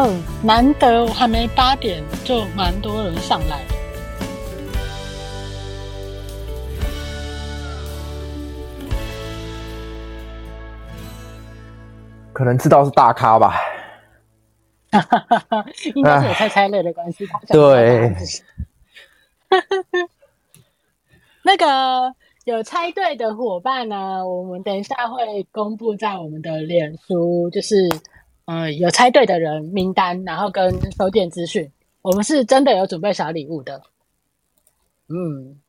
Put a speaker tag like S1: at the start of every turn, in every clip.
S1: 嗯，難得，我還沒八點就蠻多人上來，
S2: 可能知道是大咖吧？哈哈哈哈哈，
S1: 應該是有猜猜樂的關係。對，哈哈。那個有猜對的夥伴呢，啊，我們等一下會公布在我們的臉書，就是。嗯、呃，有猜對的人名單，然後跟收件資訊，我們是真的有準備小禮物的。嗯，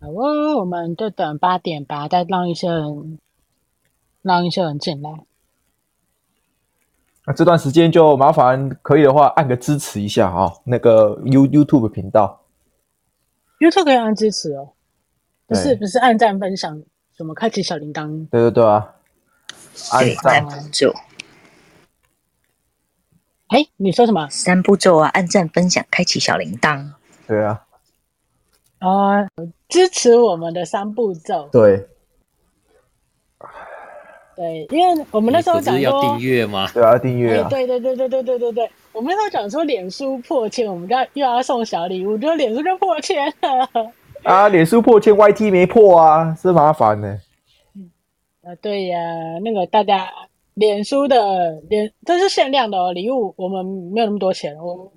S1: 好哦，我們就等八點吧，再讓一些人，讓一些人進來。
S2: 那這段時間就麻煩，可以的話按個支持一下哈、哦，那個 You YouTube 頻道
S1: ，YouTube 可以按支持哦，不是對不是按讚分享，怎麼開啟小鈴鐺？對對對啊。三步驟。哎，你說什麼？三步驟啊！按讚、分享、開啟小鈴鐺。對啊。啊、嗯！支持我們的三步驟。對。對，因為我們那時候講說
S2: 是要訂閱嗎？對啊，
S1: 訂閱啊！對、欸、對對對對對對對，我們那時候講說臉書破千，我們剛又要送小禮物，就臉書就破千
S2: 了。 啊！臉書破千，YT 沒破啊，是麻煩呢、欸。
S1: 呃，對呀，那個大家臉書的臉，這是限量的哦，禮物，我們沒有那麼多錢，我們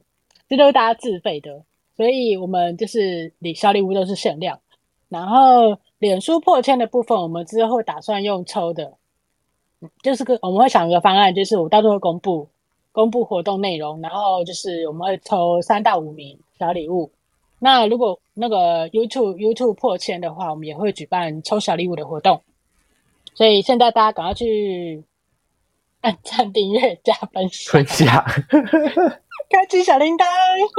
S1: 這都是大家自費的，所以我們就是禮小禮物都是限量。然後臉書破千的部分，我們之後打算用抽的，就是個我們會想一個方案，就是我到時候會公布公布活動內容，然後就是我們會抽三到五名小禮物。那如果那個 YouTube YouTube 破千的話，我們也會舉辦抽小禮物的活動。所以現在大家趕快去按讚、訂閱、加分、
S3: 分享、
S1: 開啟小鈴鐺。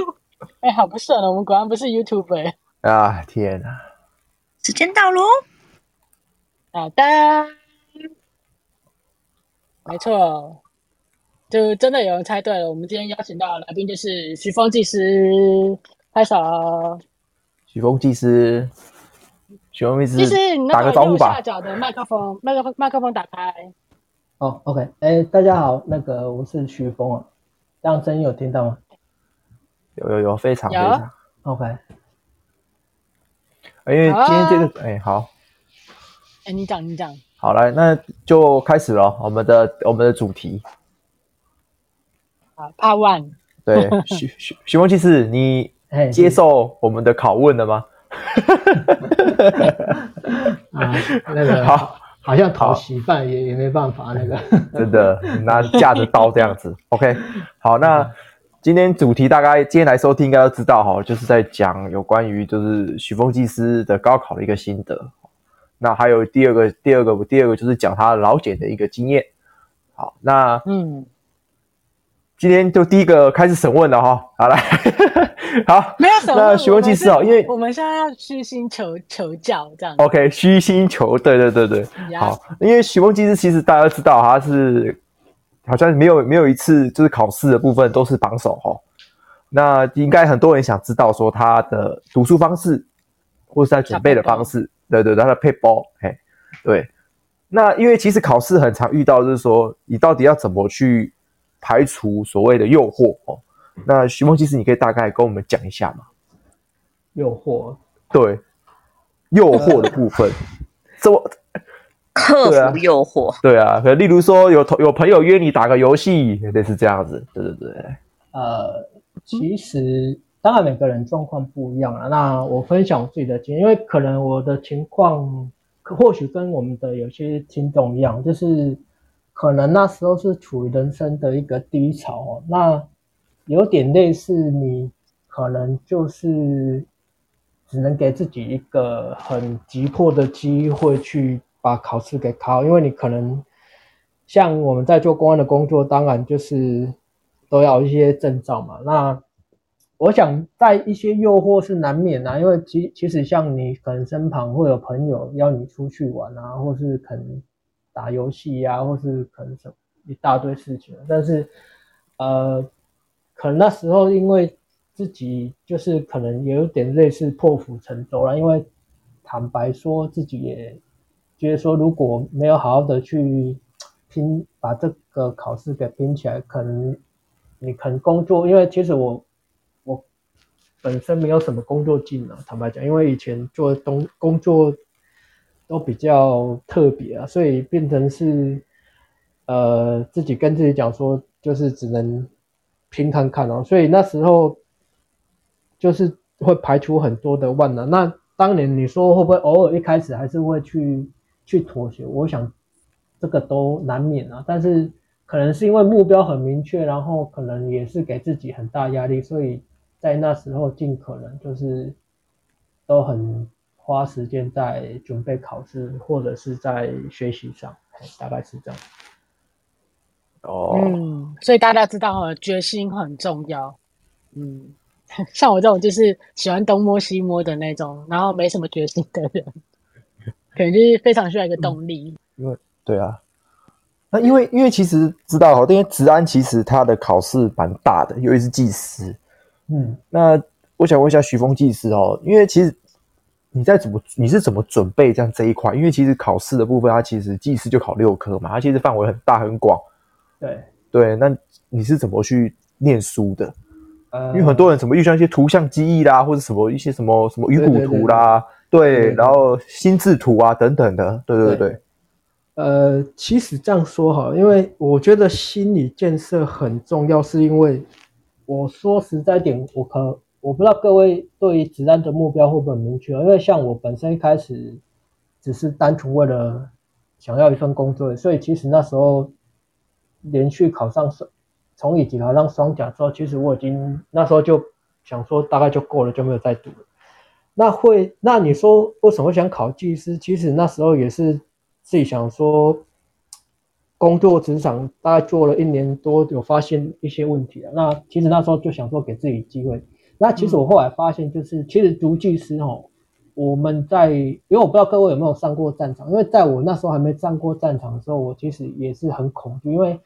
S1: 哎，好不順了，我們果然不是 YouTuber
S2: 啊！天啊！
S1: 時間到咯，好的，沒錯，就真的有人猜對了。我們今天邀請到的來賓就是徐楓技師，拍手！
S2: 徐楓技師。徐楓技師，打個招呼吧。右
S1: 下角的麥克風，麥克
S3: 風，麥克風，打開。哦、oh,，OK，哎、欸，大家好，那個我是徐楓啊、哦，這樣聲音有聽到嗎？
S2: 有有有，非常非常 OK。因為今天這個，哎、欸，好。哎、欸，你講，
S1: 你講。
S2: 好，來，那就開始了我們的我們的主題。好
S1: ，Part One
S2: 對，徐徐徐楓技師，你接受我們的拷問了嗎？
S1: 哈哈哈！
S3: 啊，那個好，好像討媳飯也也沒辦法。那個
S2: 真的拿架着刀這樣子。 OK，好，嗯、那今天主題，大概，今天來收聽應該都知道哈、哦，就是在講有關於就是徐楓技師的高考的一個心得。那還有第二個，第二個，第二個就是講他勞檢的一個經驗。好，那嗯，今天就第一個開始審問了哈、哦。好，來。
S1: 好，沒有什麼。那徐楓技師哦，因為我們現在要虛心求求教，這樣。
S2: OK，虛心求，對對對對。力好，因為徐楓技師其實大家都知道，他是好像沒有沒有一次就是考試的部分都是榜首哈、哦。那應該很多人想知道說他的讀書方式，或是他準備的方式，對對，對他的配包，哎，對。那因為其實考試很常遇到，就是說你到底要怎麼去排除所謂的誘惑哦。那徐楓，其實你可以大概跟我們講一下嘛。
S3: 誘惑，對，誘惑的
S2: 部分，
S3: 怎麼克服誘惑，
S2: 對啊？對啊，可例如說有同有朋友約你打個遊戲，類似這樣子，對對對。
S3: 呃，其實當然每個人狀況不一樣啊，那我分享我自己的經驗，因為可能我的情況可或許跟我們的有些聽眾一樣，就是可能那時候是處於人生的一個低潮，那。有點類似，你可能就是只能給自己一個很急迫的機會去把考試給考，因為你可能像我們在做工安的工作，當然就是都要一些證照嘛。那我想在一些誘惑是難免啊，因為其其實像你可能身旁會有朋友邀你出去玩啊，或是可能打遊戲呀，或是可能什麼一大堆事情，但是呃。可能那時候因為自己就是可能有點類似破釜沉舟了，因為坦白說自己也覺得說如果沒有好好的去拼把這個考試給拼起來，可能你可能工作，因為其實我我本身沒有什麼工作技能啊，坦白講，因為以前做東工作都比較特別啊，所以變成是呃自己跟自己講說就是只能。平常看哦，所以那時候就是會排除很多的萬難。那當年你說會不會偶爾一開始還是會去去妥協？我想這個都難免啊。但是可能是因為目標很明確，然後可能也是給自己很大壓力，所以在那時候儘可能就是都很花時間在準備考試或者是在學習上，大概是這樣。哦。嗯。
S1: 所以大家知道哈、哦，決心很重要。嗯，像我這種就是喜歡東摸西摸的那種，然後沒什麼決心的人，可能就是非常需要一個動力。嗯、因
S2: 為對啊，那因為因為其實知道哈，因為職安其實它的考試蠻大的，尤其是技師。嗯，那我想問一下徐楓技師哦，因為其實你在怎麼你是怎麼準備這樣這一塊？因為其實考試的部分，它其實技師就考六科嘛，它其實範圍很大很廣。對。對，那你是怎麼去念書的？呃、因為很多人怎麼遇上一些圖像記憶啦，或者什麼一些什麼什麼魚骨圖啦，對，對，對，對，然後心智圖啊、嗯、等等的，對對對，對，
S3: 對。呃，其實這樣說哈，因為我覺得心理建設很重要，是因為我說實在點，我可我不知道各位對於職安的目標會不會很明確，因為像我本身一開始只是單純為了想要一份工作，所以其實那時候。連續考上從乙級考上雙甲之後，其實我已經那時候就想說大概就夠了，就沒有再讀了。那會，那你說為什麼想考技師？其實那時候也是自己想說，工作職場大概做了一年多，有發現一些問題啊。那其實那時候就想說給自己機會。那其實我後來發現，就是、嗯、其實讀技師哦，我們在因為我不知道各位有沒有上過戰場，因為在我那時候還沒上過戰場的時候，我其實也是很恐懼，因為。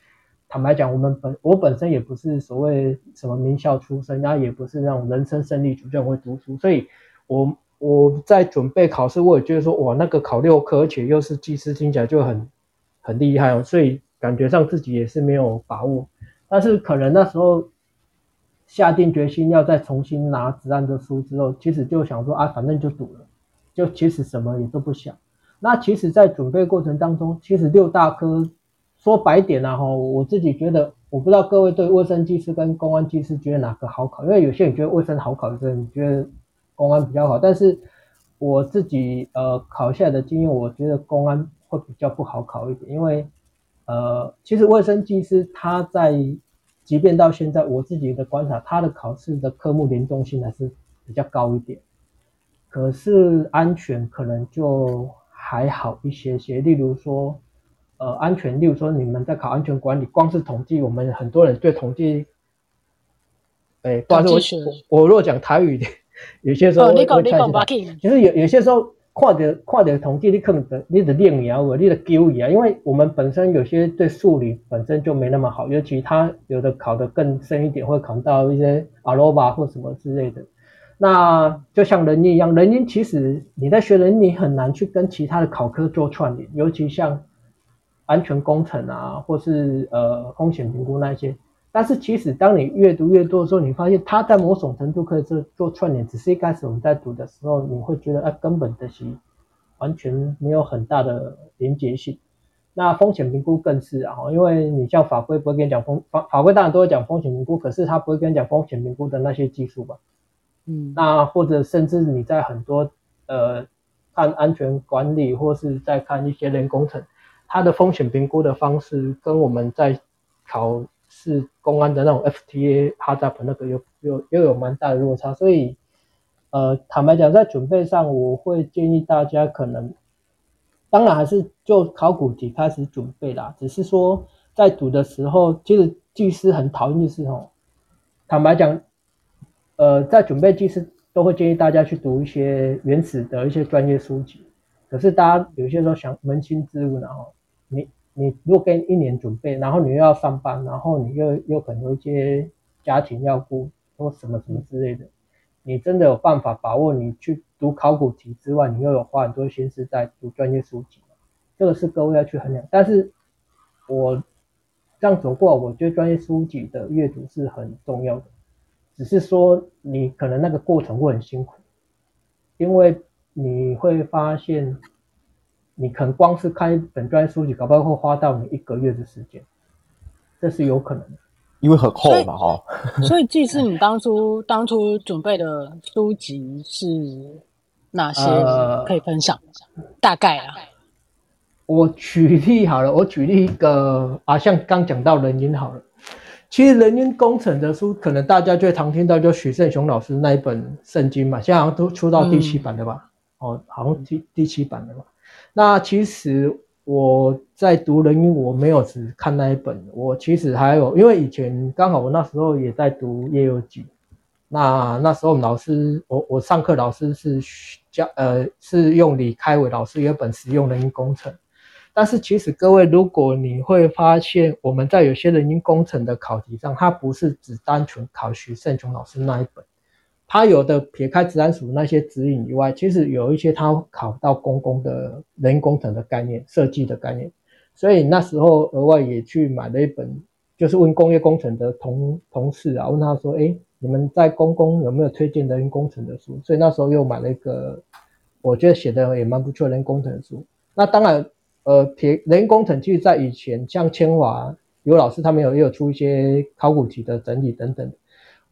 S3: 坦白講，我們本我本身也不是所謂什麼名校出身，然後也不是那種人生勝利組會讀書，所以我我在準備考試，我也覺得說哇，那個考六科，而且又是技師，聽起來就很很厲害哦，所以感覺上自己也是沒有把握。但是可能那時候下定決心要再重新拿職安的書之後，其實就想說啊，反正就賭了，就其實什麼也都不想。那其實在準備過程當中，其實六大科。說白點呢，哈，我自己覺得，我不知道各位對衛生技師跟工安技師覺得哪個好考？因為有些人覺得衛生好考，有些人覺得工安比較好，但是我自己呃考下來的經驗，我覺得工安會比較不好考一點，因為呃，其實衛生技師他在即便到現在我自己的觀察，他的考試的科目聯動性還是比較高一點，可是安全可能就還好一些些，例如說。呃，安全，例如說，你們在考安全管理，光是統計，我們很多人對統計，哎，光是我我，我若講台語， 有些時候你你其實有有些時候，跨點跨點統計，你可能你的念也要我你的糾語啊，因為我們本身有些對數理本身就沒那麼好，尤其他有的考得更深一點，會考到一些阿羅巴或什麼之類的。那就像人一樣，人因其實你在學人因你很難去跟其他的考科做串聯，尤其像。安全工程啊，或是呃風險評估那些，但是其實當你越讀越多的時候，你發現它在某種程度可以做做串聯，只是一開始我們在讀的時候，你會覺得哎、呃、根本的習完全沒有很大的連結性。那風險評估更是啊，因為你像法規不會跟你講風法法規當然都會講風險評估，可是他不會跟你講風險評估的那些技術吧？嗯，那或者甚至你在很多呃看安全管理或是在看一些人工程。嗯它的風險評估的方式跟我們在考試公安的那種 FTA Hazard 那個有有又，又有蠻大的落差，所以呃坦白講，在準備上我會建議大家可能，當然還是就考古題開始準備啦。只是說在讀的時候，其實技師很討厭的是哦，坦白講，呃，在準備技師都會建議大家去讀一些原始的一些專業書籍，可是大家有些時候想捫心自問，然你你如果給你一年準備，然後你又要上班，然後你又又可能有一些家庭要顧，或什麼什麼之類的，你真的有辦法把握？你去讀考古題之外，你又有花很多心思在讀專業書籍，這個是各位要去衡量。但是我這樣走過，我覺得專業書籍的閱讀是很重要的，只是說你可能那個過程會很辛苦，因為你會發現。你可能光是看一本專業書籍，搞不好會花到你一個月的時間，這是有可能的，
S2: 因為很厚嘛，哈。所
S1: 以，即使你當初 當初準備的書籍是哪些？可以分享一下？呃、大概啊，
S3: 我舉例好了，我舉例一個啊，像剛講到人因好了，其實人因工程的書，可能大家最常聽到就許勝雄老師那一本《聖經》嘛，現在好像都出到第七版了吧？嗯、哦，好像第、嗯、第七版了吧？那其實我在讀人因，我沒有只看那一本，我其實還有，因為以前剛好我那時候也在讀業務劇，那那時候我們老師我我上課老師是教呃是用李開偉老師有本實用人因工程，但是其實各位如果你會發現我們在有些人因工程的考題上，它不是只單純考許勝雄老師那一本。他有的撇開自然書那些指引以外，其實有一些他考到公共的人工程的概念，設計的概念，所以那時候額外也去買了一本，就是問工業工程的同同事啊，問他說：“哎，你們在公共有沒有推薦人工程的書？”所以那時候又買了一個，我覺得寫的也蠻不錯的人工程的書。那當然，呃，鐵人工程其實在以前像千華有老師他們有也有出一些考古題的整理等等。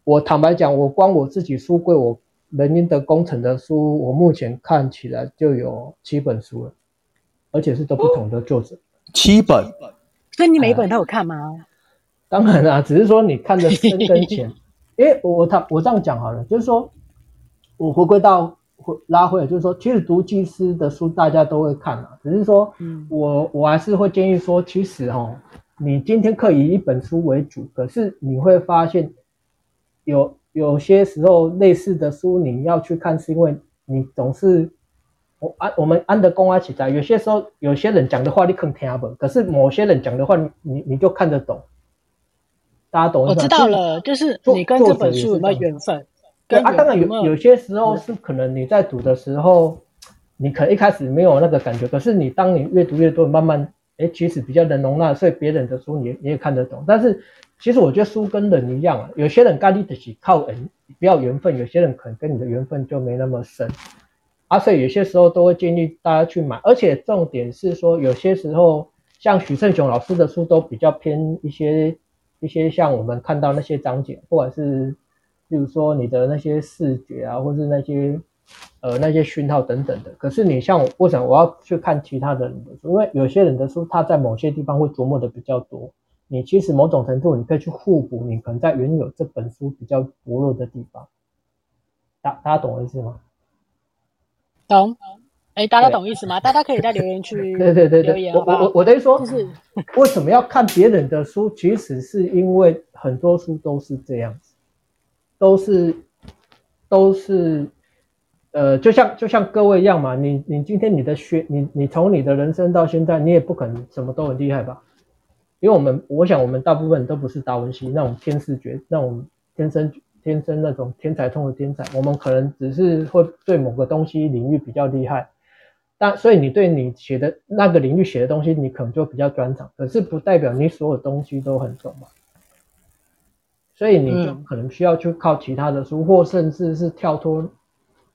S3: 我坦白講，我光我自己書櫃，我人因的工程的書，我目前看起來就有七本書了，而且是都不同的作者。哦、七本，七
S1: 本呃、所以你每一本都有看嗎？
S3: 當然啦、啊，只是說你看的深跟淺。哎、 欸，我我我這樣講好了，就是說，我回歸到拉回來，就是說，其實讀技師的書大家都會看嘛、啊，只是說我我還是會建議說，其實哈，你今天可以以一本書為主，可是你會發現。有有些時候類似的書你要去看，是因為你總是我安，啊、我們安德公啊起在有些時候，有些人講的話你可能聽不懂，可是某些人講的話你你就看得懂，大家懂？我知道了，就
S1: 是作你跟這本書有什麼緣
S3: 分？啊，當然有有些時候是可能你在讀的時候，嗯、你可能一開始沒有那個感覺，可是你當你越讀越多，慢慢，欸、其實比較能容納，所以別人的書你也你也看得懂，但是。其實我覺得書跟人一樣啊，有些人干得起靠人，不要緣分；有些人可能跟你的緣分就沒那麼深，啊，所以有些時候都會建議大家去買。而且重點是說，有些時候像許勝雄老師的書都比較偏一些，一些像我們看到那些章節，或者是，比如說你的那些視覺啊，或是那些，呃，那些訊號等等的。可是你像我為什麼我要去看其他的人的書？因為有些人的書他在某些地方會琢磨的比較多。你其實某種程度，你可以去互補。你可能在原有這本書比較薄弱的地方，大家大家懂我意思嗎？懂。哎，大家
S1: 懂意思嗎？對 大家可以在留言區，對，對對對，留言
S3: 我吧我等於說，就是 為什麼要看別人的書？其實是因為很多書都是這樣子，都是都是呃，就像就像各位一樣嘛。你你今天你的學，你你從你的人生到現在，你也不可能什麼都很厲害吧？因為我們，我想我們大部分都不是達文西那種天視覺，那種天生天生那種天才中的天才。我們可能只是會對某個東西領域比較厲害，但所以你對你寫的那個領域寫的東西，你可能就比較專長，可是不代表你所有東西都很懂嘛。所以你就可能需要去靠其他的書，嗯、或甚至是跳脫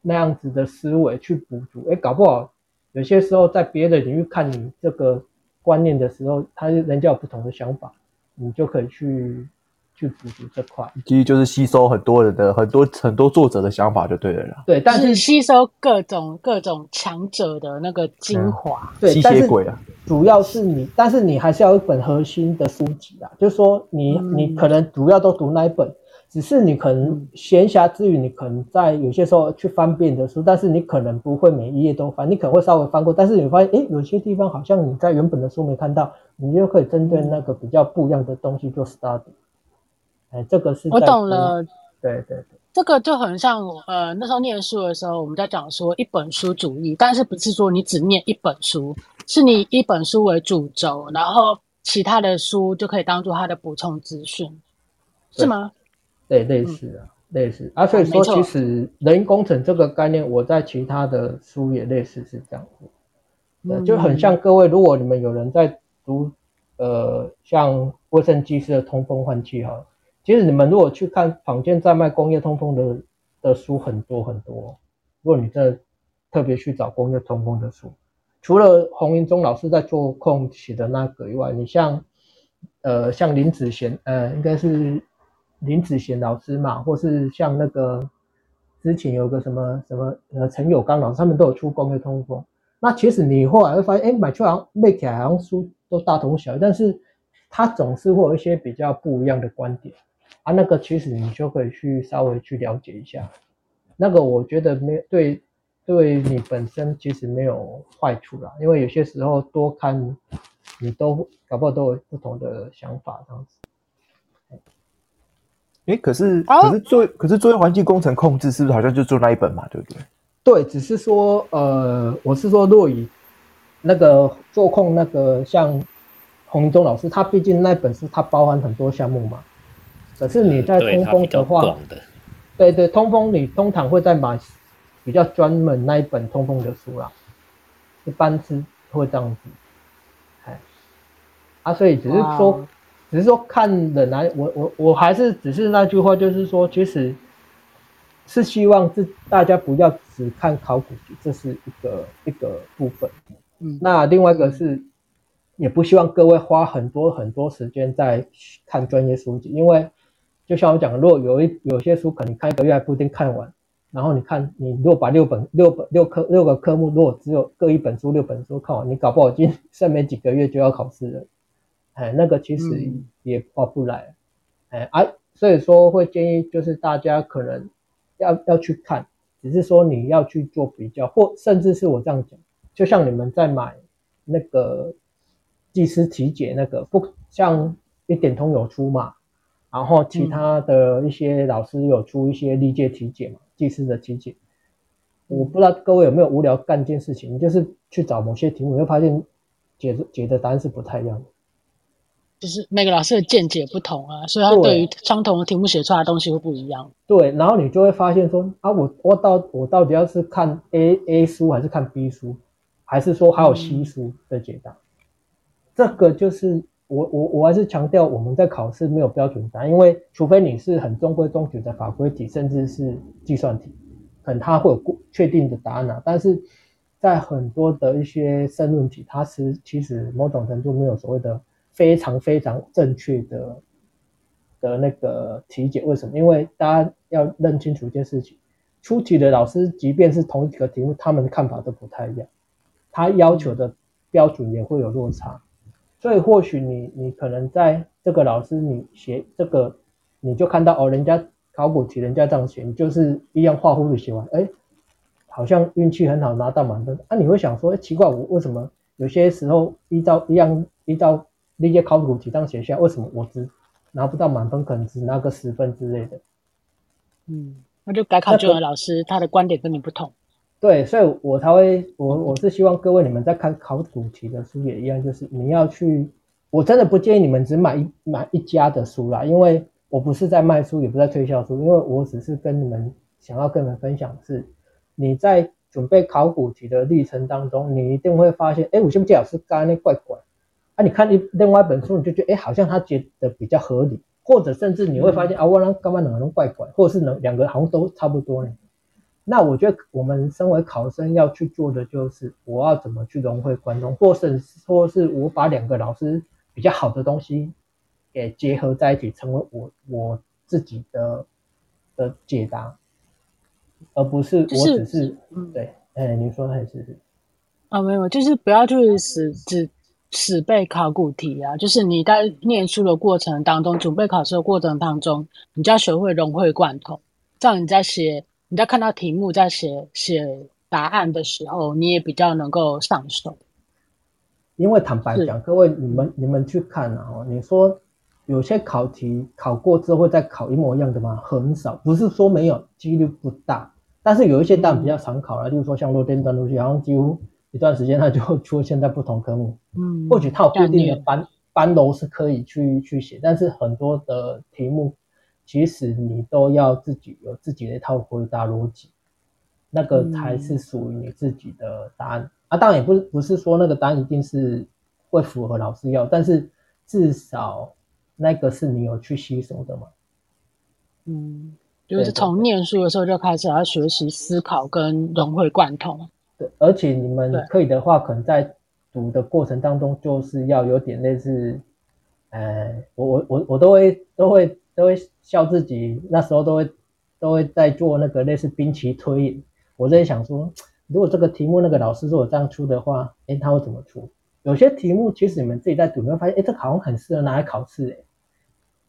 S3: 那樣子的思維去補足。哎，搞不好有些時候在別的領域看你這個。觀念的時候，他人家有不同的想法，你就可以去去補足這塊。其
S2: 實就是吸收很多人的很多很多作者的想法就對了啦。
S1: 對，但是，是吸收各種各種強者的那個精華。嗯、對，吸血鬼啊，
S3: 主要是你，但是你還是要有一本核心的書籍啊。就是說你，你、嗯、你可能主要都讀哪本。只是你可能閒暇之餘，你可能在有些時候去翻別的書，嗯、但是你可能不會每一頁都翻，你可能會稍微翻過，但是你發現，誒、欸，有些地方好像你在原本的書沒看到，你就可以針對那個比較不一樣的東西做 study、嗯。哎，這個是我懂了。對對
S1: 對，這個就很像呃那時候念書的時候，我們在講說一本書主義，但是不是說你只念一本書，是你以一本書為主軸，然後其他的書就可以當做它的補充資訊，對是嗎？
S3: 對，類似啊，嗯、類似啊，所以說其實人因工程這個概念。啊、我在其他的書也類似是這樣子，
S1: 嗯、就很像
S3: 各位。嗯、如果你們有人在讀，嗯、呃，像衛生技師的通風換氣哈，其實你們如果去看坊間在賣工業通風的的書很多很多。如果你這特別去找工業通風的書，除了洪云宗老師在做空氣的那個以外，你像呃，像林子賢，呃，應該是。林子賢老師嘛，或是像那個之前有個什麼什麼呃陳友剛老師，他們都有出工業通風。那其實你後來會發現，哎，買，買好像，航、麥好像書都大同小異，但是他總是會有一些比較不一樣的觀點啊。那個其實你就可以去稍微去了解一下。那個我覺得沒有，對，對你本身其實沒有壞處啦，因為有些時候多看，你都搞不好都有不同的想法這樣子。
S2: 哎，可是、哦、可是作為可是作業環境工程控制，是不是好像就做那一本嘛，
S3: 對不對？對，只是說呃，我是說若以那個做控那個像洪忠老師，他畢竟那本書他包含很多項目嘛。可是你在通風的話，呃、對，的對對，通風你通常會在買比較專門那一本通風的書啦，一般是會這樣子，哎，啊，所以只是說。只是說看的來，我我我還是只是那句話，就是說，其實是希望是大家不要只看考古，這是一個一個部分。嗯，那另外一個是，也不希望各位花很多很多時間在看專業書籍，因為就像我講，如果有一有一些書，可能看一個月還不一定看完。然後你看，你如果把六本六本六科六個科目，如果只有各一本書六本書看完，你搞不好已剩沒幾個月就要考試了。哎，那個其實也划不來，嗯、哎，啊，所以說會建議就是大家可能要要去看，只是說你要去做比較，或甚至是我這樣講，就像你們在買那個技師題解那個，不像一點通有出嘛，然後其他的一些老師有出一些歷屆題解嘛，技師的題解。嗯、我不知道各位有沒有無聊幹一件事情，就是去找某些題目，你會發現解解的答案是不太一樣的。
S1: 就是每個老師的見解不同啊，所以他對於相同的題目寫出來的東西會不一樣。對，對，然後你就會發現說啊，我我到我
S3: 到底要是看 A A 書還是看 B 書，還是說還有 C 書的解答？嗯、這個就是我我我還是強調我們在考試沒有標準答案，因為除非你是很中規中矩的法規題，甚至是計算題，可能它會有確定的答案啊。但是在很多的一些申論題，它是其實某種程度沒有所謂的。非常非常正確的的那個題解，為什麼？因為大家要認清楚一件事情：出題的老師，即便是同一個題目，他們的看法都不太一樣，他要求的標準也會有落差。所以或許你你可能在這個老師你寫這個，你就看到哦，人家考古題人家這樣寫，你就是一樣畫葫蘆寫完，哎、欸，好像運氣很好拿到滿分啊！你會想說，哎、欸，奇怪，我為什麼有些時候依照，依照一樣依照。那些考古題上寫下，為什麼我只拿不到滿分，可能只拿個十分之類的？嗯，那就改考卷
S1: 的老師，那他的觀點跟你不同。
S3: 對，所以我才會，我我是希望各位你們在看考古題的書也一樣，就是你要去，我真的不建議你們只買一買一家的書啦，因為我不是在賣書，也不在推銷書，因為我只是跟你們想要跟你們分享的是，是你在準備考古題的歷程當中，你一定會發現，哎，為什麼是這老師干那怪怪？啊，你看另另外一本書，你就覺得哎、欸，好像他覺得比較合理，或者甚至你會發現、嗯、啊，我那干嘛？哪能怪怪，或者是能兩個好像都差不多呢？嗯、那我覺得我們身為考生要去做的就是，我要怎麼去融會貫通，或是或是我把兩個老師比較好的東西給結合在一起，成為我我自己的的解答，而不是我只是、就是、對，哎、嗯欸，你說的很是是
S1: 啊、哦，沒有，就是不要就是死記。死背考古題啊，就是你在念書的過程當中，準備考試的過程當中，你就要學會融會貫通。這樣你在寫、你在看到題目在寫寫答案的時候，你也比較能夠上手。
S3: 因為坦白講，是各位你們你們去看啊，你說有些考題考過之後會再考一模一樣的嗎？很少，不是說沒有，幾率不大。但是有一些當然比較常考了、啊，就是、嗯、說像漏電斷路器，然後幾乎。一段時間，它就會出現在不同科目。嗯，
S1: 或許它
S3: 有固定的班念班樓是可以去去寫，但是很多的題目，其實你都要自己有自己的一套回答邏輯，那個才是屬於你自己的答案。嗯、啊，當然也不是不是說那個答案一定是會符合老師要，但是至少那個是你有去吸收的嘛。嗯，就是從
S1: 唸書的時候就開始要學習思考跟融會貫通。對對對。
S3: 而且你們可以的話，對可能在讀的過程當中，就是要有點類似，呃，我我我我都會都會都會笑自己，那時候都會都會在做那個類似兵棋推演。我在想說，如果這個題目那個老師說我這樣出的話，哎，他會怎麼出？有些題目其實你們自己在讀，你會發現，哎，這好像很適合拿來考試誒，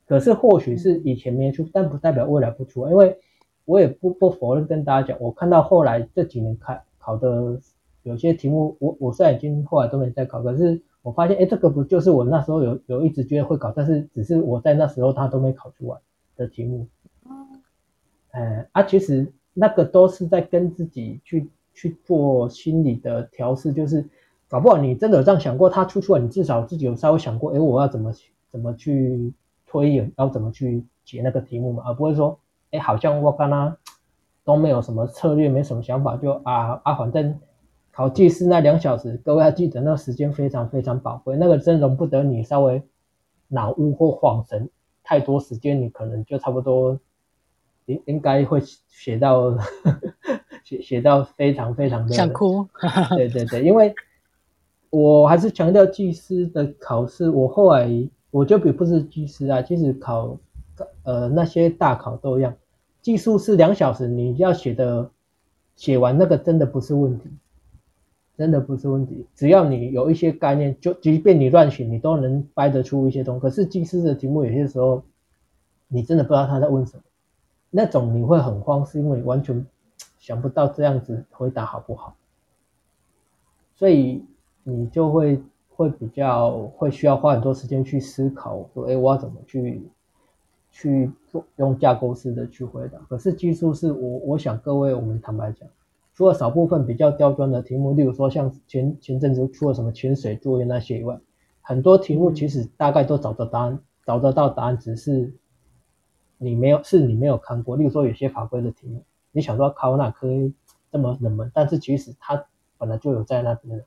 S3: 可是或許是以前沒出，嗯、但不代表未來不出，因為我也不不否認跟大家講，我看到後來這幾年看。考的有些題目，我我雖然已經後來都沒再考，可是我發現，哎、欸，這個不就是我那時候有有一直覺得會考，但是只是我在那時候他都沒考出來的題目，嗯、呃，啊，其實那個都是在跟自己去去做心理的調適，就是搞不好你真的有這樣想過，他出錯了，你至少自己有稍微想過，哎、欸，我要怎麼去怎麼去推演，要怎麼去解那個題目嘛，而不是說，哎、欸，好像我幹了。都沒有什麼策略，沒什麼想法，就啊啊，反正考技師那兩小時，各位要記得，那時間非常非常寶貴，那個真容不得你稍微腦霧或恍神，太多時間你可能就差不多，應應該會寫到，呵呵，寫寫到非常非常的想哭。 對對對，因為我還是強調技師的考試，我後來我就比不是技師啊，其實考呃那些大考都一樣。技師是兩小時，你要寫的寫完那個真的不是問題，真的不是問題。只要你有一些概念，就即便你亂寫，你都能掰得出一些東西。可是技師的題目有些時候，你真的不知道他在問什麼，那種你會很慌，是因為你完全想不到這樣子回答好不好？所以你就會會比較會需要花很多時間去思考，說哎，我要怎麼去？去做用架構式的去回答，可是技術是我我想各位我們坦白講，除了少部分比較刁鑽的題目，例如說像前前陣子出了什麼潛水作業那些以外，很多題目其實大概都找得到答案，嗯、找得到答案，只是你沒有是你沒有看過。例如說有些法規的題目，你想說考哪科這麼冷門，但是其實它本來就有在那邊。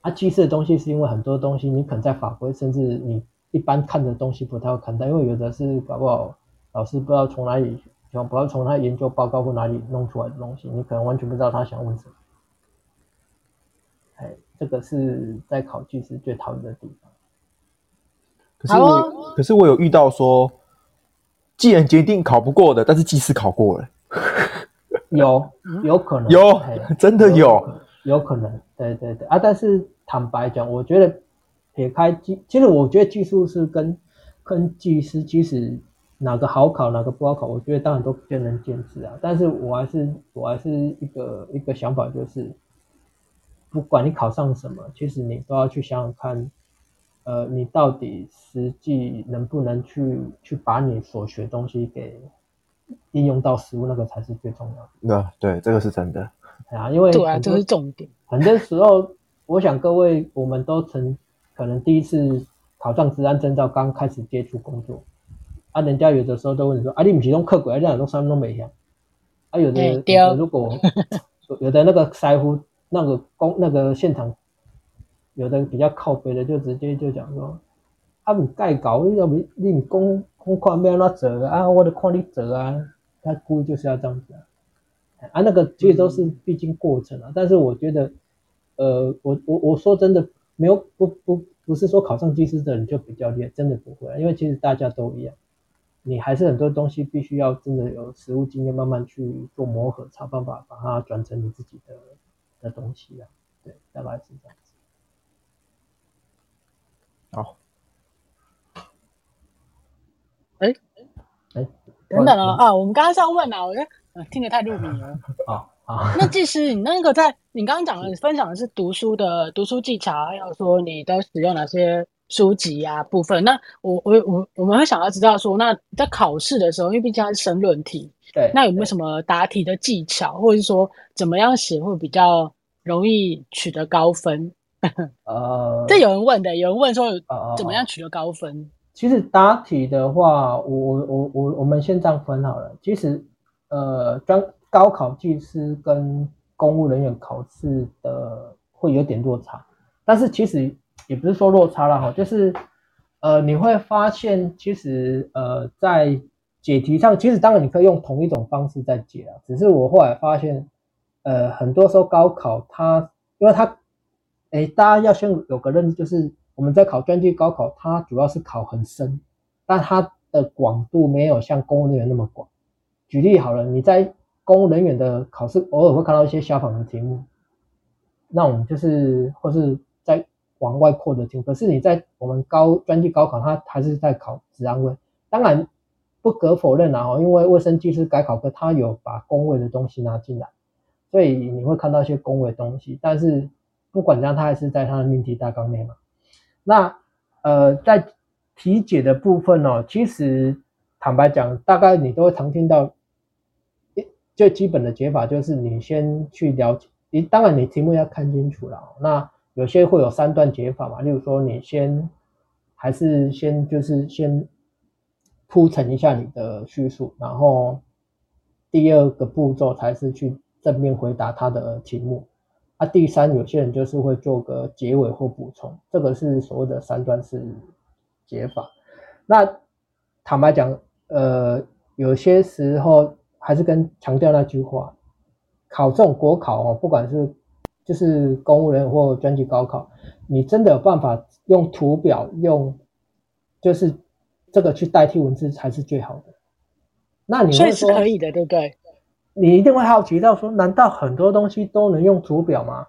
S3: 啊，技術的東西是因為很多東西你可能在法規，甚至你。一般看的東西不太要看待，但因為有的是搞不好老師不知道從哪裡，不知道從他研究報告或哪裡弄出來的東西，你可能完全不知道他想問什麼。這個是在考技師最討厭的地方。
S2: 可是我，oh. 可是我有遇到說，既然決定考不過的，但是技師考過了，
S3: 有有可能，有嘿真的有，有，有可能，對對對啊！但是坦白講，我覺得。撇開技，其實我覺得技術是跟跟技師，其實哪個好考，哪個不好考，我覺得當然都見仁見智啊。但是我還是我還是一個一個想法，就是不管你考上什麼，其實你都要去想想看，呃，你到底實際能不能去去把你所學東西給應用到實物，那個才是最重要
S2: 的。那對，這個是真的
S3: 啊，因為對啊，可能這是重點。很多時候，我想各位我們都曾。可能第一次考上職安證照，剛開始接觸工作，啊，人家有的時候都問你說：“ 啊你不客，你唔集中刻骨，啊的，兩鐘三分鐘沒響。”啊，有的如果 有的那個師傅，那個工那個現場，有的比較靠北的，就直接就講說：“啊，唔介搞，你又唔你唔公講看沒安怎啊？啊，我就看你做啊。”他故意就是要這樣子啊。啊，那個其實都是必經過程啊。嗯、但是我覺得，呃，我我我說真的。沒有不不不是說考上技師的人就比較厲害，真的不會。啊，因為其實大家都一樣，你還是很多東西必須要真的有實務經驗，慢慢去做磨合，才有辦法
S1: 把它轉成你自己的的東西啊，對，大概是這樣子。好，哦，哎哎，誒等等啊，嗯，啊，我們剛剛是要問啊，我聽得太入迷啊。哦啊， 那技師，你那個在你剛剛講的分享的是讀書的讀書技巧還有說你都使用哪些書籍啊部分？那我我我我們會想要知道說，那在考試的時候，因為畢竟它是申論題，對，那有沒有什麼答題的技巧，對或者是說怎麼樣寫會比較容易取得高分？ 呃，這有人問的，有人問說怎麼樣取得高分？呃呃呃、其
S3: 實答題的話，我我我我，我我我們先這樣分好了。其實呃專。高考技師跟公務人員考試的、呃、會有點落差，但是其實也不是說落差啦，哈，就是呃你會發現，其實呃在解題上，其實當然你可以用同一種方式在解啊，只是我後來發現，呃，很多時候高考它因為它，哎、欸，大家要先有個認知，就是我們在考專技高考，它主要是考很深，但它的廣度沒有像公務人員那麼廣。舉例好了，你在公務人員的考試偶爾會看到一些消防的題目，那我們就是或是在往外擴的題目。可是你在我們高專技高考，它還是在考職安衛。當然不可否認啊，因為衛生技師改考科，它有把公衛的東西拿進來，所以你會看到一些公衛的東西。但是不管這樣，它還是在它的命題大綱內嘛。那呃，在題解的部分呢、哦，其實坦白講，大概你都會常聽到。最基本的解法就是你先去了解，你當然你題目要看清楚了。那有些會有三段解法嘛，例如說你先還是先就是先鋪陳一下你的敘述，然後第二個步驟才是去正面回答他的題目。啊，第三有些人就是會做個結尾或補充，這個是所謂的三段式解法。那坦白講，呃，有些時候。還是跟強調那句話，考這種國考哦不管是就是公務人，或專技高考，你真的有辦法用圖表，用就是這個去代替文字才是最好的。
S1: 那你會說可以的，對不對？
S3: 你一定會好奇到說，難道很多東西都能用圖表嗎？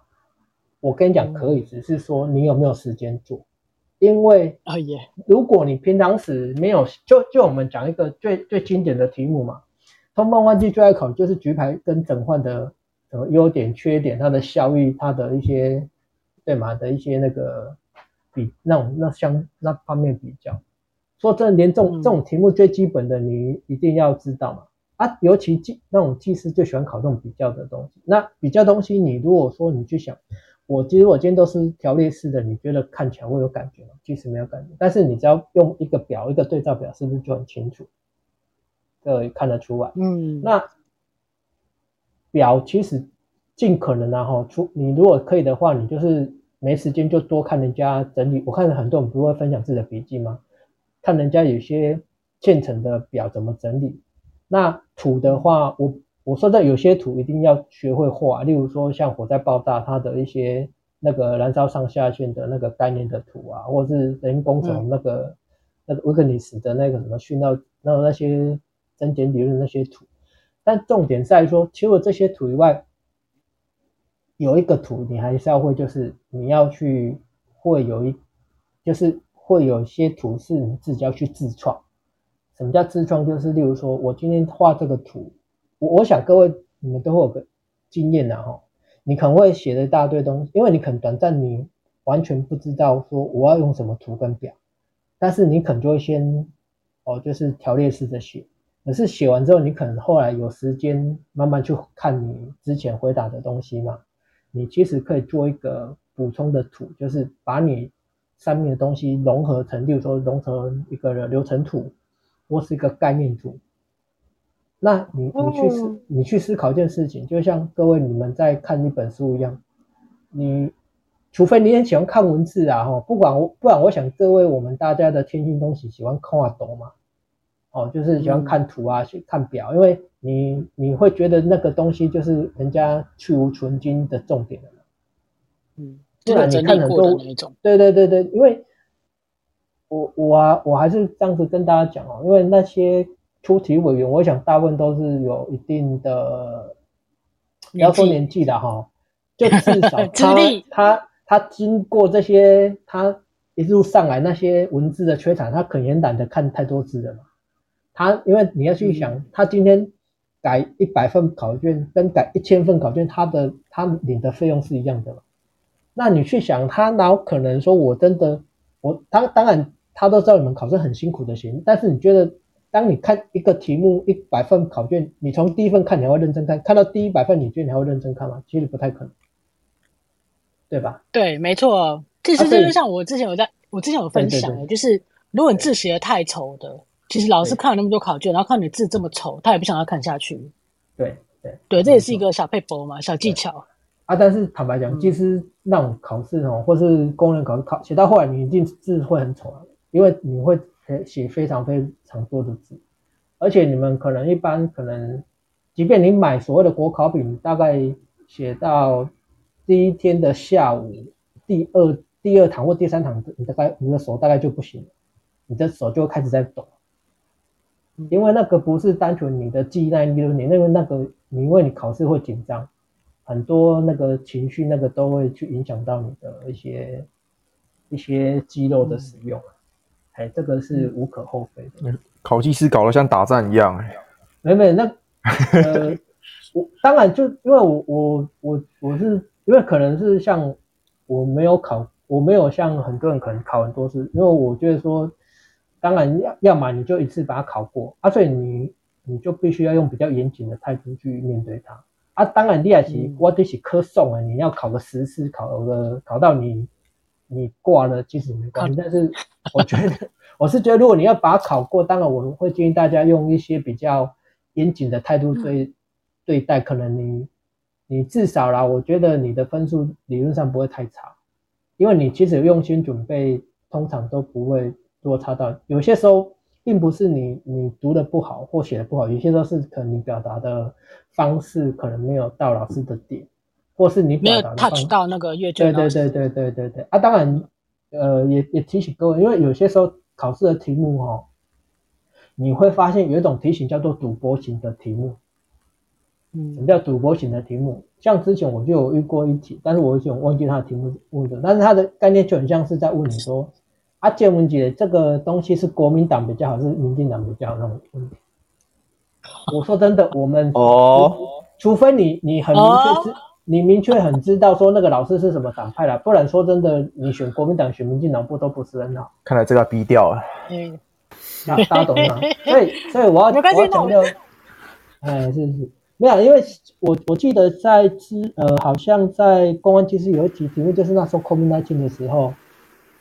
S3: 我跟你講，可以，嗯、只是說你有沒有時間做？因為如果你平常時沒有，oh yeah. 就就我們講一個最最經典的題目嘛。通風換氣最愛考就是局排跟整換的什麼優點、缺點、它的效益、它的一些對嗎的一些那個比那種那相那方面比較。說真的，連這種、嗯、這種題目最基本的你一定要知道嘛啊，尤其技那種技師最喜歡考這種比較的東西。那比較東西，你如果說你去想，我其實我今天都是條列式的，你覺得看起來會有感覺嗎？其實沒有感覺，但是你只要用一個表、一個對照表，是不是就很清楚？這看得出來。嗯，那表其實盡可能然，啊，齁，出你如果可以的話，你就是沒時間就多看人家整理。我看了很多人不會分享自己的筆記嗎？看人家有些現成的表怎麼整理。那圖的話，我我說的有些圖一定要學會畫，例如說像火災爆炸它的一些那個燃燒上下限的那個概念的圖啊，或是人工從那個那個維克尼斯的那個什麼訓到然後那些。增減理論那些圖，但重點在於說，除了這些圖以外，有一個圖你還是要會，就是你要去會有一，就是會有一些圖是你自己要去自創。什麼叫自創？就是例如說我今天畫這個圖，我我想各位你們都會有個經驗的哈，你可能會寫了一大堆東西，因為你可能短暫你完全不知道說我要用什麼圖跟表，但是你可能就會先哦，就是條列式的寫。可是寫完之後，你可能後來有時間慢慢去看你之前回答的東西嘛，你其實可以做一個補充的圖，就是把你上面的東西融合成，例如說融合一個流程圖，或是一個概念圖。那你你去思你去思考一件事情，就像各位你們在看一本書一樣，你除非你很喜歡看文字啊，哈，不管不管，我想各位我們大家的天性東西喜歡看懂嘛。哦，就是喜歡看圖啊，去、嗯、看表，因為你你會覺得那個東西就是人家去蕪存菁的重點了嘛，嗯，
S1: 對不然你看很多，對
S3: 對對對，因為我我、啊、我還是這樣子跟大家講哦，因為那些出題委員，我想大部分都是有一定的，你要紀說年紀的哈，就至少他 力他他,他經過這些他一路上來那些文字的摧殘，他可能懶得看太多字了嘛。他因為你要去想，他今天改一百份考卷，跟改一千份考卷，他的他領的費用是一樣的嘛？那你去想，他哪有可能說，我真的我他當然他都知道你們考試很辛苦的行，但是你覺得當你看一個題目一百份考卷，你從第一份看，你還會認真看，看到第一百份你覺得，你還會認真看嗎？其實不太可能，對吧？
S1: 對，沒錯，其實就像我之前有在、啊、我之前有分享，對對對，就是如果你字寫的太醜的。其實老師看了那麼多考卷，對然後看你字這麼醜，他也不想要看下去。對對對，這也是一個小撇步嘛，對小技巧
S3: 啊。但是坦白講，其實那種考試哦，嗯、或是工人考試考寫到後來，你一定字會很醜啊，因為你會寫非常非常多的字，而且你們可能一般可能，即便你買所謂的國考筆，你大概寫到第一天的下午，第二第二堂或第三堂，你的大概你的手大概就不行了，你的手就開始在抖。因為那個不是單純你的記憶力，你、嗯、因為那個，你因為你考試會緊張，很多那個情緒那個都會去影響到你的一些一些肌肉的使用，嗯、哎，這個是無可厚非的。嗯、
S2: 考技師搞得像打仗一樣、欸，哎，
S3: 沒沒那，呃， 我當然就因為我我我我是因為可能是像我沒有考，我沒有像很多人可能考很多次，因為我覺得說。當然要，要麼你就一次把它考過啊，所以你你就必須要用比較嚴謹的態度去面對它啊。當然，第二題我得去科送啊，你要考個十次，考個考到你你掛了其實沒關係。看 但是我覺得， 我是覺得如果你要把它考過，當然我們會建議大家用一些比較嚴謹的態度對對待，嗯、可能你你至少啦，我覺得你的分數理論上不會太差，因為你其實用心準備，通常都不會。如果擦到，有些時候並不是你你讀的不好或寫的不好，有些時候是可能你表達的方式可能沒有到老師的點，或是你表達的方式沒有 touch 到
S1: 那個閱卷。對對對
S3: 對對對對、嗯、啊！當然，呃，也也提醒各位，因為有些時候考試的題目哈、喔，你會發現有一種題型叫做賭博型的題目。嗯，什麼叫賭博型的題目？像之前我就有遇過一題，但是我已經忘記它的題目是問的，但是它的概念就很像是在問你說。嗯啊，建文杰，這個東西是國民黨比較好，是民進黨比較好那？嗯，我說真的，我們哦除，除非你你很明確知，哦、你明確很知道說那個老師是什麼黨派了，不然說真的，你選國民黨選民進黨不都不是很好。看來這個要低調了，嗯、啊，大家懂嗎？ 所以所以我要我要強調，是是，沒有，因為我我記得在之呃，好像在公安其實有一集，集，題目就是那時候 COVID-19 的時候。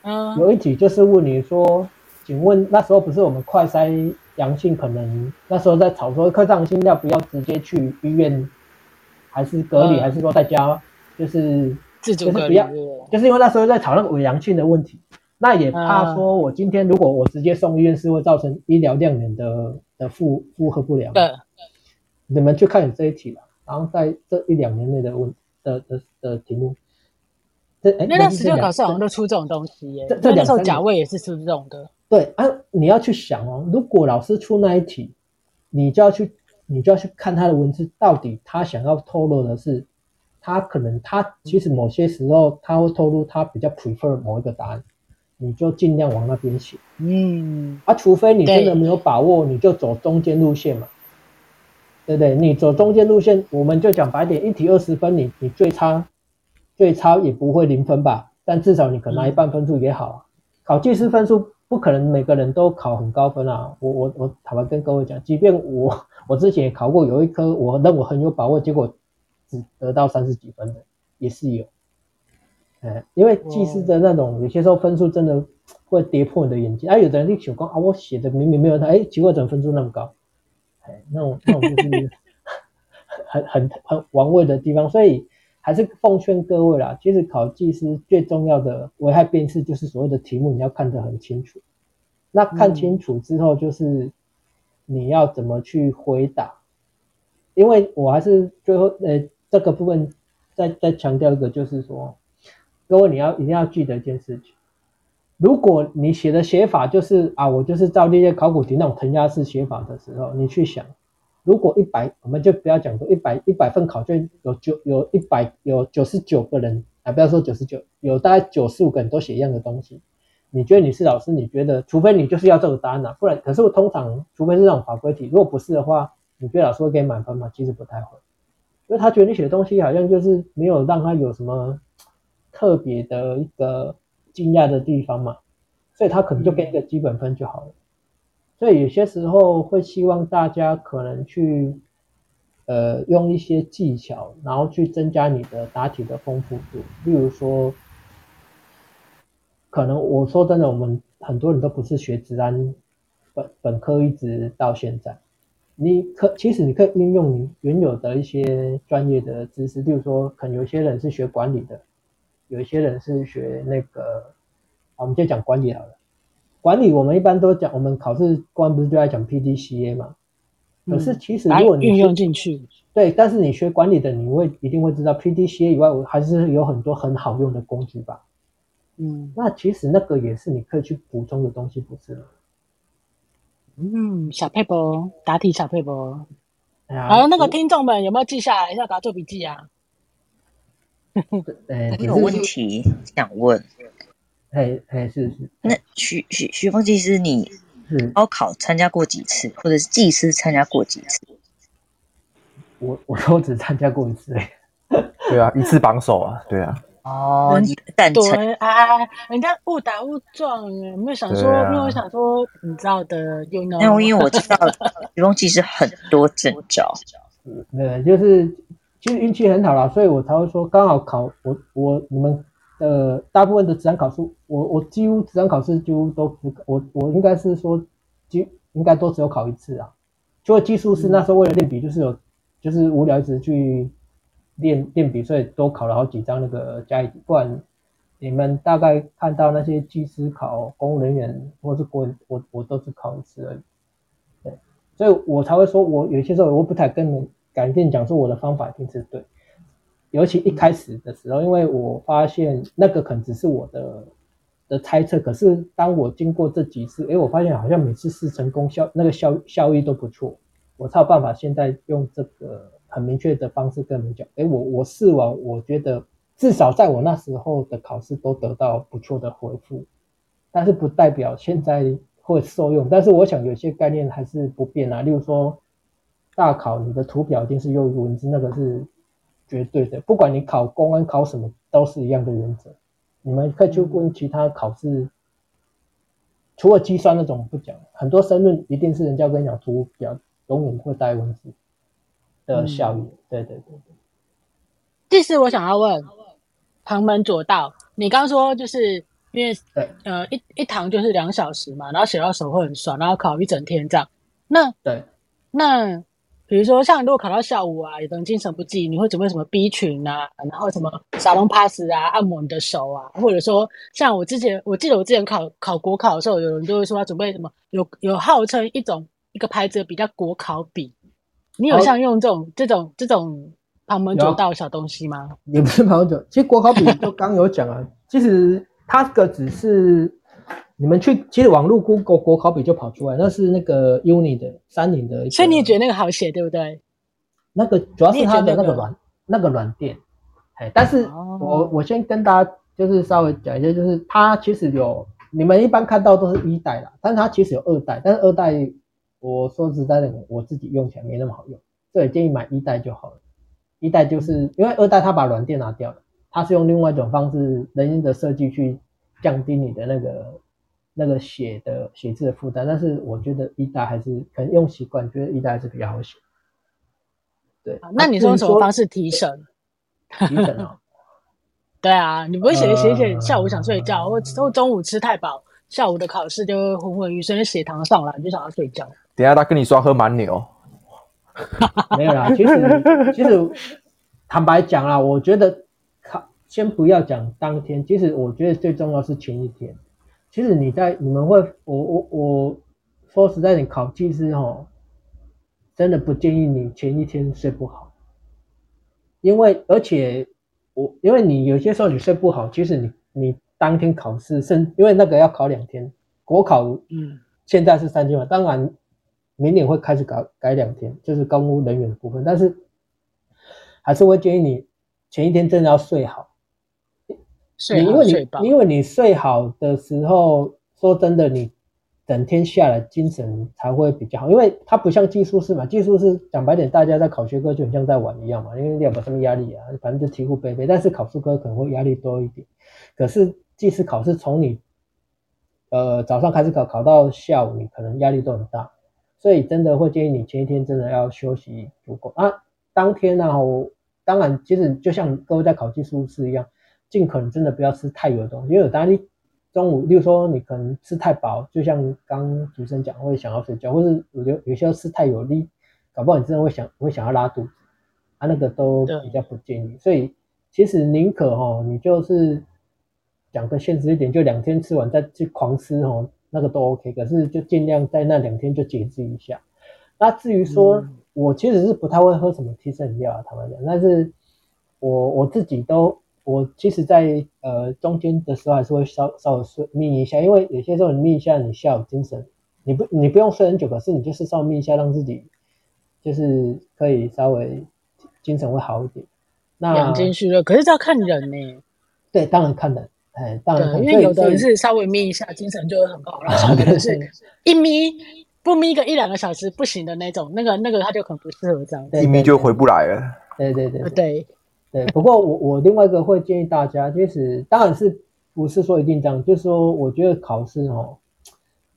S3: 嗯、有一題就是問你說，請問那時候不是我們快篩陽性，可能那時候在吵說，科上心料不要直接去醫院，還是隔離，嗯、還是說在家，就是自主隔離。就是，嗯、就是因為那時候在吵那個偽陽性的問題，那也怕說，我今天如果我直接送醫院，是會造成醫療量人的的負負荷不良。對、嗯，你們去看你這一題吧，然後在這一兩年內的問的的的，的題目。因為、欸、那十九考
S1: 試好像都出這種東西耶，那那時候甲位也是出這種的。
S3: 對啊，你要去想哦，如果老師出那一題，你就要去，你就要去看他的文字到底他想要透露的是，他可能他其實某些時候他會透露他比較 prefer 某一個答案，你就儘量往那邊寫。嗯，啊，除非你真的沒有把握，對你就走中間路線嘛，對不對，對？你走中間路線，我們就講白點，一題二十分你，你你最差。最差也不會零分吧，但至少你可能拿一半分數也好，啊。嗯、考技師分數不可能每個人都考很高分啊。我我我坦白跟各位講，即便我我之前也考過有一科，我認為我很有把握，結果只得到三十幾分的也是有。欸、因為技師的那種有些時候分數真的會跌破你的眼鏡，而哇、啊、有的人一主觀啊，我寫的明明沒有他，哎、欸，結果怎麼分數那麼高？哎、欸，那種那種就是 很很很玩味的地方，所以。還是奉勸各位啦，其實考技師最重要的危害辨識就是所謂的題目，你要看得很清楚。那看清楚之後，就是你要怎麼去回答。嗯、因為我還是最後，呃，這個部分再再強調一個，就是說，各位你要一定要記得一件事情：如果你寫的寫法就是啊，我就是照那些考古題那種填鴨式寫法的時候，你去想。如果一百，我們就不要講說一百一百份考卷有九有一百有九十九個人啊，不要說九十九，有大概九十五個人都寫一樣的東西。你覺得你是老師？你覺得除非你就是要這種答案吶、啊，不然。可是我通常，除非是那種法規題，如果不是的話，你覺得老師會給你滿分嗎？其實不太會，因為他覺得你寫的東西好像就是沒有讓他有什麼特別的一個驚訝的地方嘛，所以他可能就給一個基本分就好了。嗯所以有些時候會希望大家可能去，呃，用一些技巧，然後去增加你的答題的豐富度。例如說，可能我說真的，我們很多人都不是學職安本本科，一直到現在。你可其實你可以運用你原有的一些專業的知識，例如說，可能有些人是學管理的，有些人是學那個，我們就講管理好了。管理我們一般都講，我們考試官不是就愛講 PDCA 嘛？嗯、
S1: 可是其實如果你運用
S3: 進去，對，但是你學管理的，你會一定會知道 PDCA 以外，我還是有很多很好用的工具吧？嗯，那其實那個也是你可以去補充的東西，不是嗎？嗯，
S1: 小佩波答題小，小佩波，好，那個聽眾們、嗯、有沒有記下來要不要做筆記啊？我 有問題想問。哎哎是是，是那徐徐徐楓技師，你是高考參加過幾次，是或
S3: 者是技師參加過幾次？我，我都只參加過一次
S2: 嘞。對啊， 一次榜首啊，對啊。哦、嗯，
S1: 你坦誠啊，人家誤打誤撞，沒有想說，沒有、啊、想說你知道的有那，you know, 因為我知道徐楓其實很多陣仗，
S3: 對，就是其實運氣很好了，所以我才會說剛好考我我你們。呃，大部分的職稱考試，我我幾乎職稱考試幾乎都只，我我應該是說，基應該都只有考一次啊。就技術是那時候為了練筆，就是有、嗯、就是無聊一直去練練筆，所以多考了好幾張那個加一，不然你們大概看到那些技師考，公務人員或是國人，我我都只考一次而已。對，所以我才會說我，我有些時候我不太跟敢跟你講說我的方法一定是對。尤其一開始的時候，因為我發現那個可能只是我的的猜測，可是當我經過這幾次，誒，我發現好像每次試成功效那個效效益都不錯。我才有辦法現在用這個很明確的方式跟你們講，誒，我我試完，我覺得至少在我那時候的考試都得到不錯的回復，但是不代表現在會受用。但是我想有些概念還是不變啊，例如說大考你的圖表一定是用文字，那個是。絕對的，不管你考公安考什麼，都是一樣的原則。你們可以去問其他考試，除了計算那種我不講，很多申論一定是人家跟你講圖表，永遠會帶文字的效率、嗯、對對對，
S1: 第四，我想要問旁門左道，你剛剛說就是因為對呃一一堂就是兩小時嘛，然後寫到手會很爽，然後考一整天這樣。那對那。比如說，像如果考到下午啊，有人精神不濟，你會準備什麼 B 群啊？然後什麼沙龍 pass 啊，按摩你的手啊，或者說像我之前，我記得我之前考考國考的時候，有人就會說要準備什麼，有有號稱一種一個牌子的筆叫國考筆，你有像用這種、啊、這種這種旁門左道小東西嗎？
S3: 也不是旁門左道，其實國考筆就剛有講啊。 其實它這個只是。你們去，其實網絡 Google 國考筆就跑出來，那是那個 Uni 的三菱的。的
S1: 所以你也覺得那個好寫，對不對？
S3: 那個主要是它的那個軟那個軟墊。哎、欸，但是我、哦、我先跟大家就是稍微講一下，就是它其實有你們一般看到都是一代啦，但是它其實有二代，但是二代我說實在的，我自己用起來沒那麼好用，所以建議買一代就好了。一代就是因為二代它把軟墊拿掉了，它是用另外一種方式、人因的設計去降低你的那個。那個寫的寫字的負擔，但是我覺得一大還是可能用習慣，覺得一大還是比較好寫。對，啊、
S1: 那你是用什麼方式提神？提神哦。 對啊，你不會寫寫寫，嗯、下午想睡覺，或或中午吃太飽，嗯、下午的考試就昏昏欲睡，因為血糖上來你就想要睡覺。
S2: 等下他跟你說喝蠻牛。 沒有
S1: 啦，其實其實
S3: 坦白講啦，我覺得考先不要講當天，其實我覺得最重要是前一天。其實你在你們會，我我我，我說實在點，你考技師哦，真的不建議你前一天睡不好，因為而且我因為你有些時候你睡不好，其實你你當天考試，甚因為那個要考兩天，國考嗯，現在是三天嘛，嗯、當然明年會開始改改兩天，就是公務人員的部分，但是還是會建議你前一天真的要睡好。因為你因為你睡好的時候，說真的，你整天下來精神才會比較好。因為它不像技術士嘛，技術士講白點，大家在考學科就很像在玩一樣嘛，因為也沒什麼壓力啊，反正就題庫背背。但是考術科可能會壓力多一點。可是，即使考試從你呃早上開始考，考到下午，你可能壓力都很大，所以真的會建議你前一天真的要休息足夠啊。當天呢、啊，我當然其實就像各位在考技術士一樣。盡可能真的不要吃太油的東西，因為有大力中午，例如說你可能吃太飽，就像剛剛主持人講，會想要睡覺，或是有有有些吃太油膩，搞不好你真的會想會想要拉肚子，啊那個都比較不建議。對所以其實寧可哦、喔，你就是講得現實一點，就兩天吃完再去狂吃哦、喔，那個都 OK。可是就儘量在那兩天就節制一下。那至於說，嗯、我其實是不太會喝什麼提神飲料他們講，但是我我自己都。我其實在，在呃中間的時候，還是會稍稍微眯一下，因為有些時候你眯一下，你下午精神，你不你不用睡很久，可是你就是稍微眯一下，讓自己就是可以稍微精神會好一點。養精
S1: 蓄銳，可是這要看人呢、欸。對，當然看人，哎、欸，當然對以因為有的人是稍微眯一下，精神就會很好了。啊、對對對，一眯不眯一個一兩個小時不行的那種，那個那個他就很不適合這樣。一眯就回不來了。對對對對。對，
S3: 不過我我另外一個會建議大家，就是當然是不是說一定這樣，就是說我覺得考試哦，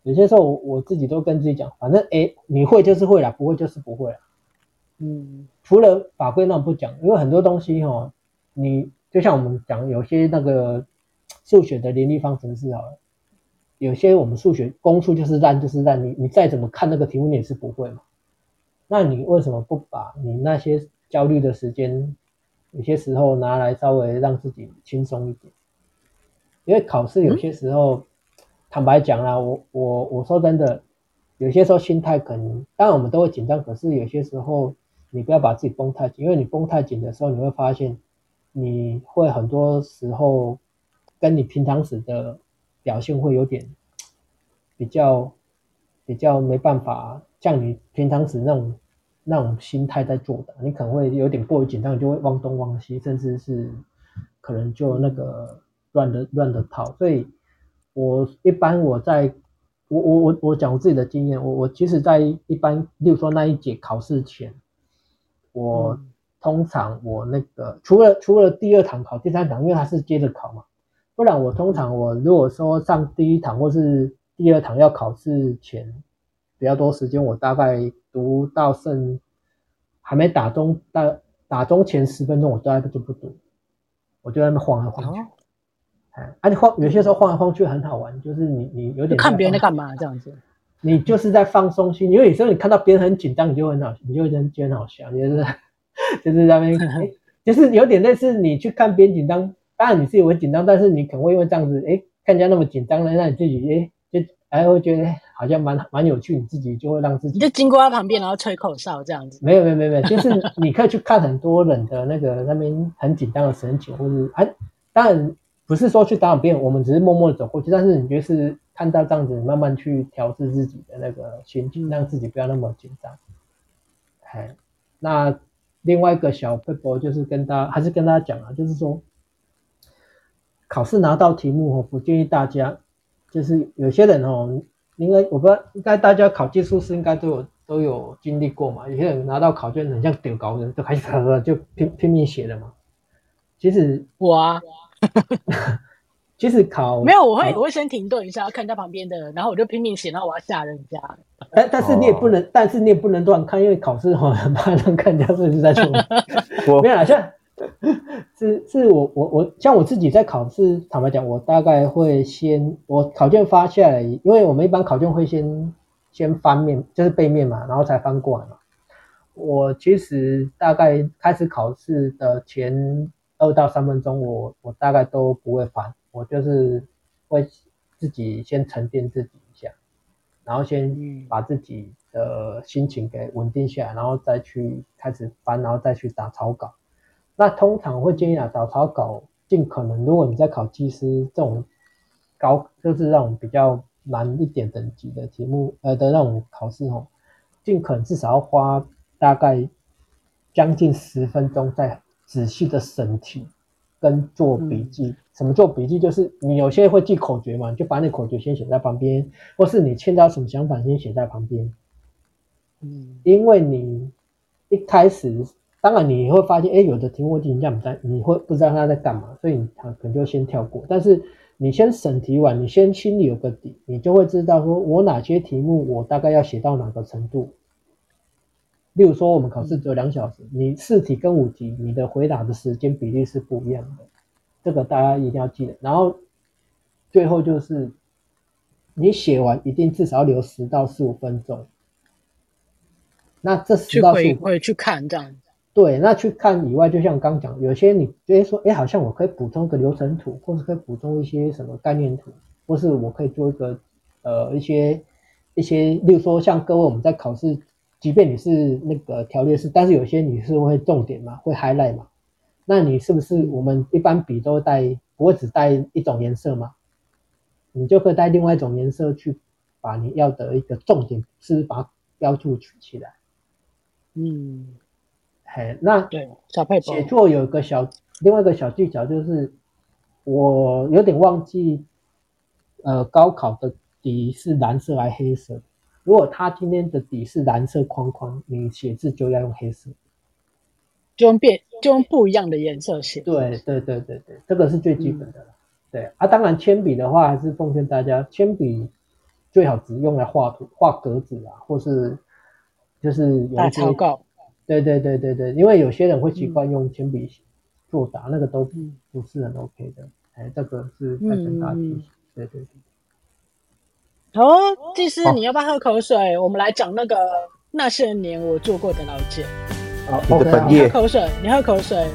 S3: 有些時候我，我自己都跟自己講，反正誒你會就是會啦，不會就是不會啦。嗯，除了法規那不講，因為很多東西哈、哦，你就像我們講有些那個數學的聯立方程式啊，有些我們數學功夫就是爛就是爛你你再怎麼看那個題目你也是不會嘛。那你為什麼不把你那些焦慮的時間，有些時候拿來稍微讓自己輕鬆一點，因為考試有些時候，坦白講啦、啊，我我我說真的，有些時候心態可能，當然我們都會緊張，可是有些時候你不要把自己繃太緊，因為你繃太緊的時候，你會發現你會很多時候跟你平常時的表現會有點比較比較沒辦法，像你平常時那種。那種心態在做的，你可能會有點過於緊張，你就會忘東忘西，甚至是可能就那個亂的亂的跑。所以我一般我在我我我我講我自己的經驗，我我即使在一般，例如說那一節考試前，我通常我那個除了除了第二堂考第三堂，因為他是接着考嘛，不然我通常我如果說上第一堂或是第二堂要考試前。比較多時間，我大概讀到剩還沒打鐘，到打鐘前十分鐘我大概就不讀。我就在那晃來晃
S1: 去，
S3: 哎、哦，哎晃、啊，有些時候晃來晃去很好玩，就是你你有點看別人
S1: 在幹嘛這樣子，
S3: 你就是在放鬆心，因為有時候你看到別人很緊張，你就很好，你就很很好笑，你就是就是在那邊，是的就是有點類似你去看別人緊張，當然你自己會緊張，但是你可能會因為這樣子，哎、欸，看人家那麼緊張的，那你自己哎就還、欸欸、我覺得。好像蠻蠻有趣，你自己就會讓自己就
S1: 經過他旁邊，然後吹口哨這樣子。
S3: 沒有沒有沒有，就是你可以去看很多人的那個那邊很緊張的神情， 或是哎，當然不是說去打擾別人，我們只是默默的走過去。但是你就是看到這樣子，慢慢去調製自己的那個心境，讓自己不要那麼緊張、嗯。那另外一個小配 e 就是跟大家還是跟大家講啊，就是說考試拿到題目我不建議大家，就是有些人哦。因為我不知道，應該大家考技師應該都有都有經歷過嘛。有些人拿到考卷很像丟高人，就開始噠就拼拼命寫的嘛。其實我啊， 其實考沒有，我會還我會
S1: 先停頓一下，看一下旁邊的，然後我就拼命寫，然後我要嚇人家。
S3: 哎，但是你也不能，哦、但是你也不能亂看，因為考試哦，馬上看人家是不是在作弊 沒有，拿在。是 是，是我我我像我自己在考試，坦白講，我大概會先我考卷發下來，因為我們一般考卷會先先翻面，就是背面嘛，然後才翻過來嘛。我其實大概開始考試的前二到三分鐘，我我大概都不會翻，我就是會自己先沉澱自己一下，然後先把自己的心情給穩定下來，然後再去開始翻，然後再去打草稿。那通常會建議啊，打草稿，盡可能。如果你在考技師這種高、就是那種比較難一點等級的題目，呃的那種考試哦，盡可能至少要花大概將近十分鐘，再仔細的審題跟做筆記。嗯、什麼做筆記？就是你有些會記口訣嘛，就把你口訣先寫在旁邊，或是你欠到什麼想法先寫在旁邊。嗯，因為你一開始。當然，你會發現，哎，有的題目你這樣你在，你會不知道他在幹嘛，所以你他可能就先跳過。但是你先審題完，你先心裡有個底，你就會知道說我哪些題目我大概要寫到哪個程度。例如說，我們考試只有兩小時，你四題跟五題，你的回答的時間比例是不一樣的，這個大家一定要記得。然後最後就是，你寫完一定至少留十到十五分鐘。那這十到十五分鐘
S1: 會去看這樣。
S3: 對，那去看以外，就像剛講，有些你覺得說，哎，好像我可以補充個流程圖，或是可以補充一些什麼概念圖，或是我可以做一個呃一些一些，例如說像各位我們在考試，即便你是那個條列式，但是有些你是會重點嘛，會 highlight 嘛，那你是不是我們一般筆都帶不會只帶一種顏色嘛？你就可以帶另外一種顏色去把你要的一個重點，是不是把它標注起來？嗯。哎，那對寫作有一個小，另外一個小技巧就是，我有點忘記，呃，高考的底是藍色還是黑色？如果他今天的底是藍色框框，你寫字就要用黑色，
S1: 就用變，就用不一樣的顏色
S3: 寫。對對對對對，這個是最基本的了。嗯、對啊，當然鉛筆的話，還是奉勸大家，鉛筆最好只用來畫圖、畫格子啊，或是就是有草稿。對對對對對，因為有些人會習慣用鉛筆作答，嗯、那個都不是很 OK 的。哎，這、那個是標準大題。嗯、對，對對。
S1: 好、哦，技師，哦、你要不要喝口水？我們來講那個、哦、那些年我做過的老繭。好、哦、的本。你喝口水，你喝口水。